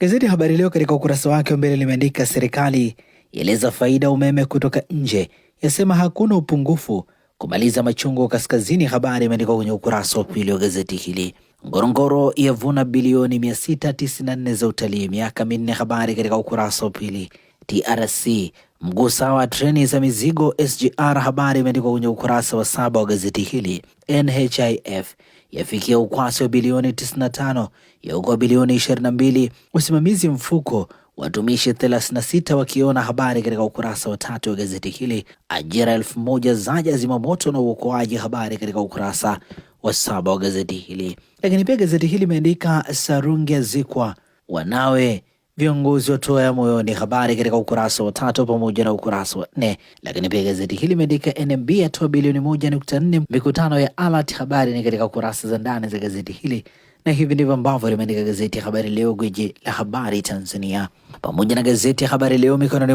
Gazeti Habari Leo katika ukurasa wake wa mbele limeandika serikali ieleza faida umeme kutoka nje, yasema hakuna upungufu kumaliza machungo kaskazini. Habari imeandikwa kwenye ukurasa wa pili wa gazeti hili. Ngorongoro yavuna bilioni 694 za utalii miaka minne. Habari katika ukurasa wa pili. TRC Mgusa wa treni za mizigo SGR, habari imeandikwa kwenye ukurasa wa saba wa gazeti hili. NHIF yafikia ukwasi wa bilioni 95 yaokoa bilioni 22, usimamizi mfuko watumishi 36 wakiona habari katika ukurasa wa tatu wa gazeti hili. Ajira elfu moja zaja zimamoto na uokoaji, habari katika ukurasa wa saba wa gazeti hili. Lakini pia gazeti hili imeandika Sarungi azikwa, wanawe Viongozi watoa moyoni, habari katika ukurasa wa tatu pamoja na ukurasa wa nne. Lakini pia gazeti hili limeandika NMB toa bilioni moja nukta nne mikutano ya ALAT, habari ni katika kurasa za ndani za gazeti hili na hivi ndivyo ambavyo limeandika gazeti ya Habari Leo, gwiji la habari Tanzania, pamoja na gazeti ya Habari Leo mikononi